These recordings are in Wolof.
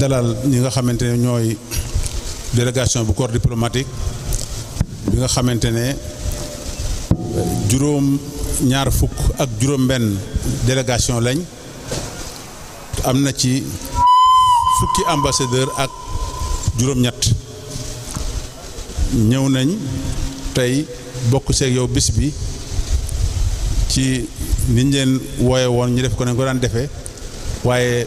dalal ñi nga xamante ne ñooy délégation bu corps diplomatique bi nga xamante ne juróom ñaar fukk ak juróom benn délégation lañ am na ci fukki ambassadeur ak juróom-ñett ñëw nañ tey bokk seeg yow bis bi ci niñ leen wooye woon ñu def ko nañ ko daan defee waaye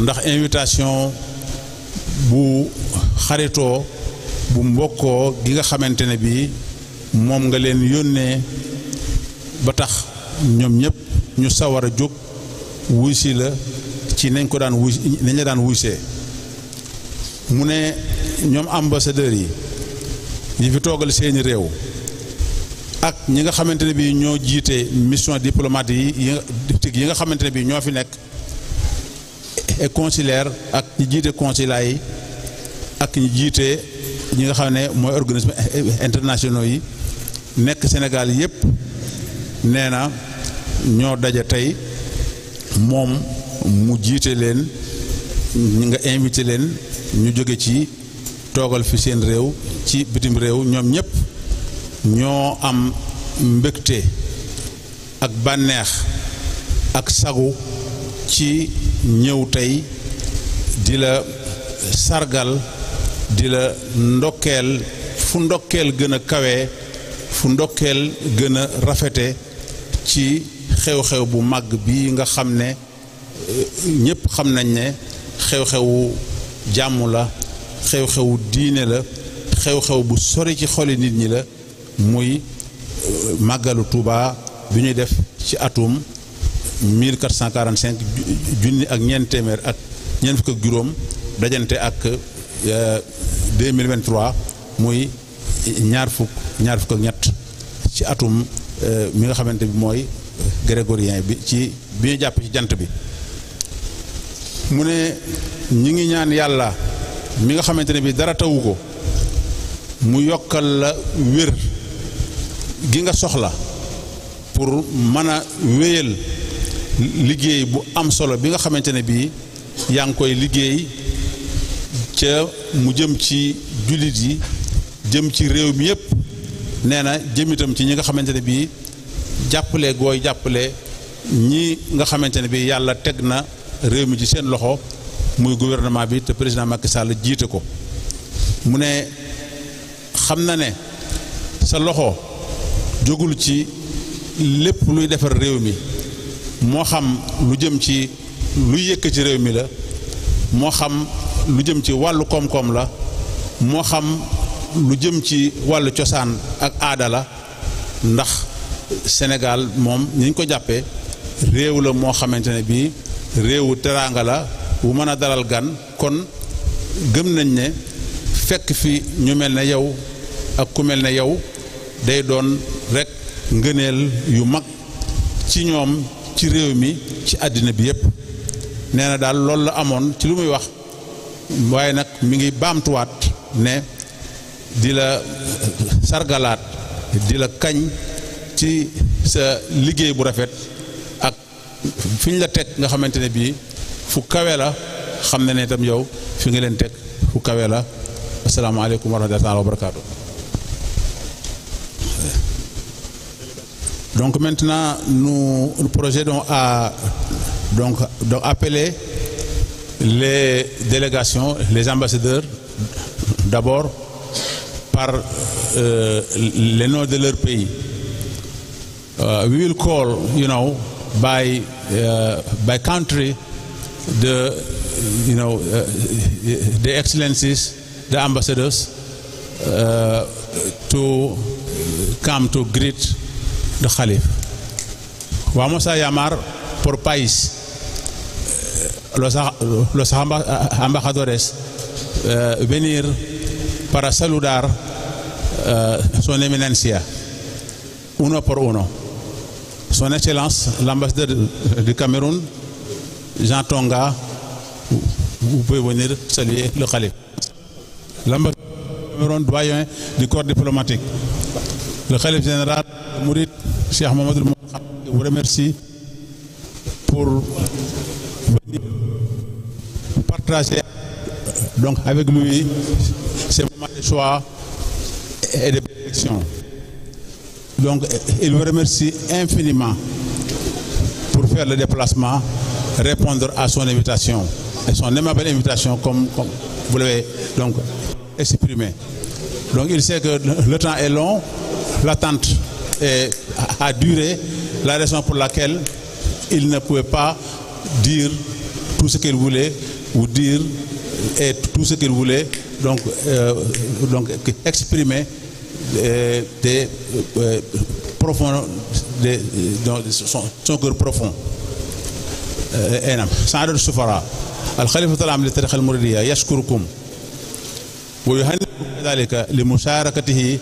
ndax invitation bu xaritoo bu mbokkoo gi nga xamante ne bii moom nga leen yónnee ba tax ñoom ñëpp ñu sawar a jóg wuy si la ci nañ ko daan wuy nañ la daan wuysee mu ne ñoom ambassadeurs yi yi fi toogal seeni réew ak ñi nga xamante ne bii ñoo jiite mission diplomatique yi yi nga xamante ne bii ñoo fi nekk e consulaire ak ñi jiite consulat yi ak ñi jiite ñi nga xam ne mooy organisme internationaux yi nekk senegal yëpp nee na ñoo daje tey moom mu jiite leen nga invité leen ñu jóge ci toogal fi seen réew ci bitim réew ñoom ñëpp ñoo am mbégte ak bànneex ak sagu ci ñëw tey di la sargal di la ndokkeel fu ndokkeel gën a kawe fu ndokkeel gën a rafete ci xew-xew bu màgg bi nga xam ne eh, ñépp xam nañ ne xew-xewu jàmm la xew-xewu diine la xew-xew bu sori ci xoli nit ñi la muy eh, màggalu Tuuba bi ñuy def ci atum 1445 junni ak ñeent téeméer ak ñeent fukk ak juróom dajante ak 2023 euh, muy ñaar fukk ñaar fukk ak ñett ci atum euh, mi nga xamante bi mooy grégorien bi ci bi ñu jàpp ci jant bi mu ne ñi ngi ñaan yàlla mi nga xamante ne bi dara tawu ko mu yokkal la wér gi nga soxla pour mën a wéyal liggéey bu am solo bi nga xamante ne bii yaa ngi koy liggéey ca mu jëm ci jullit yi jëm ci réew mi yëpp nee na jëm ci ñi nga xamante ne bii jàppale gooy jàppale ñi nga xamante ne bii yàlla teg na réew mi ci seen loxo muy gouvernement bi te président Macky Sall jiite ko mu ne xam na ne sa loxo jógul ci lépp luy defar réew mi. moo xam lu jëm ci lu yëkk ci réew mi la moo xam lu jëm ci wàllu koom-koom la moo xam lu jëm ci wàllu cosaan ak aadala ndax Sénégal moom ni ñu ko jàppee réew la moo xamante ne bii réewu teraanga la bu mën a daral gan kon gëm nañ ne fekk fi ñu mel ne yow ak ku mel ne yow day doon rekk ngëneel yu mag ci ñoom ci réew mi ci àddina bi yëpp nee na daal loolu la amoon ci lu muy wax waaye nag mi ngi baamtuwaat ne di la sargalaat di la kañ ci sa liggéey bu rafet ak fi ñu la teg nga xamante ne bii fu kawe la xam ne ne itam yow fi nga leen teg fu kawe la asalaamaaleykum wa rahmatulah wa barakaatu. Donc maintenant, nous, projetons à donc, appeler les délégations, les ambassadeurs, d'abord par le euh, les noms de leur pays. Nous euh, we will call, you know, by uh, by country, the you know euh, the excellencies, the ambassadors, to come to greet euh, le Khalif. Vamos a llamar pour país los, los venir para saludar euh, son eminencia, uno por uno. Son Excellence, l'ambassadeur du Cameroun, Jean Tonga, vous pouvez venir saluer le Khalif. L'ambassadeur du Cameroun, doyen du corps diplomatique. Le Khalif général Mourid, Cheikh Mohamed vous remercie pour partager donc avec lui ces moments de choix et de protection. Donc, il vous remercie infiniment pour faire le déplacement, répondre à son invitation, et son aimable invitation, comme, comme vous l'avez donc exprimé. Donc, il sait que le temps est long, l'attente a duré, la raison pour laquelle il ne pouvait pas dire tout ce qu'il voulait ou dire et tout ce qu'il voulait donc, euh, donc exprimer euh, des, euh, profond, des, donc, son, son cœur profond. Enam, euh, sans le souffrir, le Khalifa Talam le Tarikh al-Muridiya, yashkurukum, wa yuhannibu dhalika li musharakatihi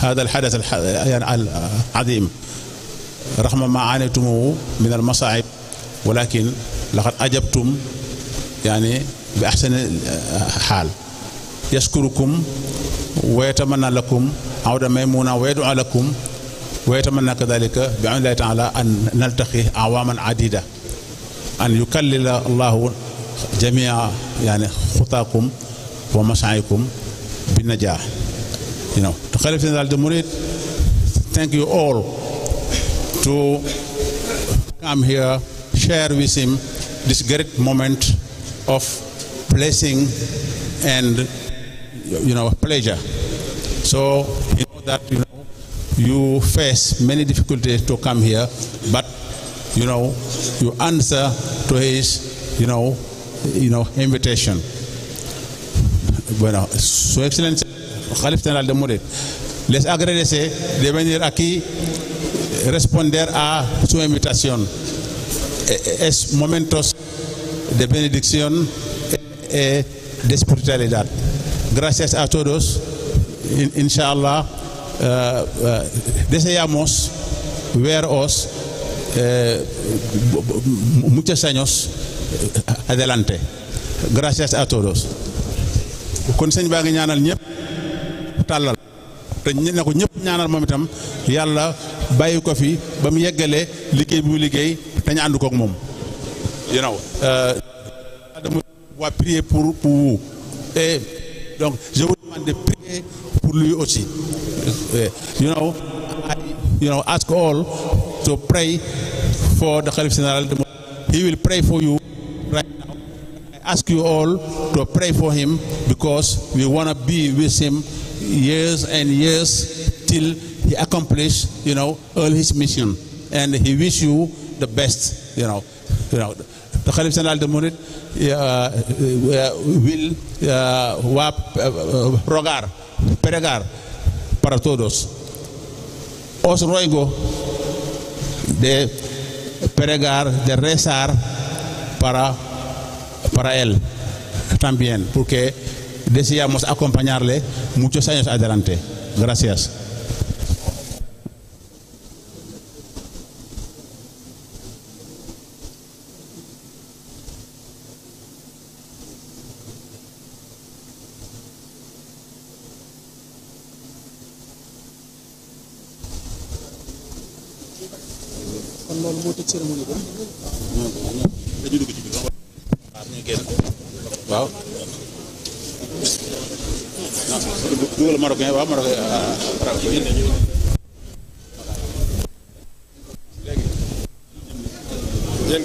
هذا الحدث يعني العظيم رغم ما عانيتموه من المصاعب ولكن لقد أجبتم يعني بأحسن حال يشكركم ويتمنى لكم عودة ميمونة ويدعو لكم ويتمنى كذلك بعون الله تعالى أن نلتقي أعواما عديدة أن يكلل الله جميع يعني خطاكم ومسعيكم بالنجاح you know, to Caliph General Murid, thank you all to come here, share with him this great moment of blessing and, you know, pleasure. So, you know that, you know, you face many difficulties to come here, but, you know, you answer to his, you know, you know, invitation. Bueno, Su Excelencia les agradece de venir aquí responder a su invitación. Es momentos de benedicción y de espiritualidad. Gracias a todos. Inshallah, euh, euh, deseamos veros euh, muchos años adelante. Gracias a todos. ñëpp tàllal te ne ko ñëpp ñaanal moom itam yàlla bàyyi ko fi ba mu yeggale liggéey bi mu liggéey te ñu ànd kook moom you know euh, dama waa pour pour vous donc je vous demande de prier pour lui aussi you know ask all to pray for the Khalif General he will pray for you I ask you all to pray for him because we want to be with him years and years till he accomplish you know, all his mission. And he wish you the best, you know. You know the Khalif General de Munit uh, uh, will va uh, rogar, pregar para todos. Os ruego de pregar, de rezar para, para él también, porque deseamos acompañarle muchos años adelante. Gracias. dugal marocain waaw marocain arab yéen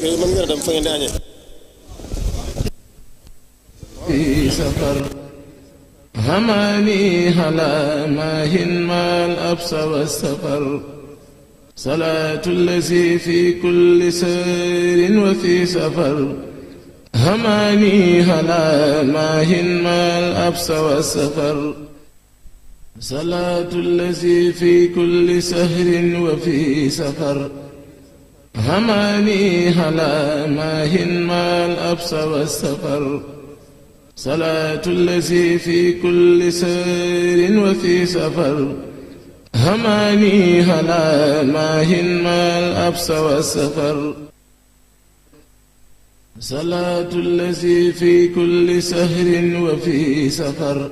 kay mën ngeen a dem fa ngeen di añee سفر هماني هلا ماهن ما الأبس والسفر صلاة الذي في كل سير وفي سفر هماني هلا ماهن ما الأبس والسفر صلاة الذي في كل سهر وفي سفر هماني هلا ماهن هنما الأبس والسفر صلاة الذي في كل سهر وفي سفر هماني هلا ماهن هنما الأبس والسفر صلاة الذي في كل سهر وفي سفر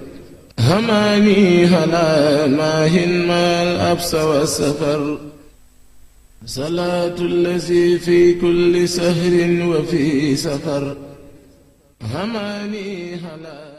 هما بي هلا هن ما الأبس والسفر صلاة الذي في كل سهر وفي سفر هماني هلا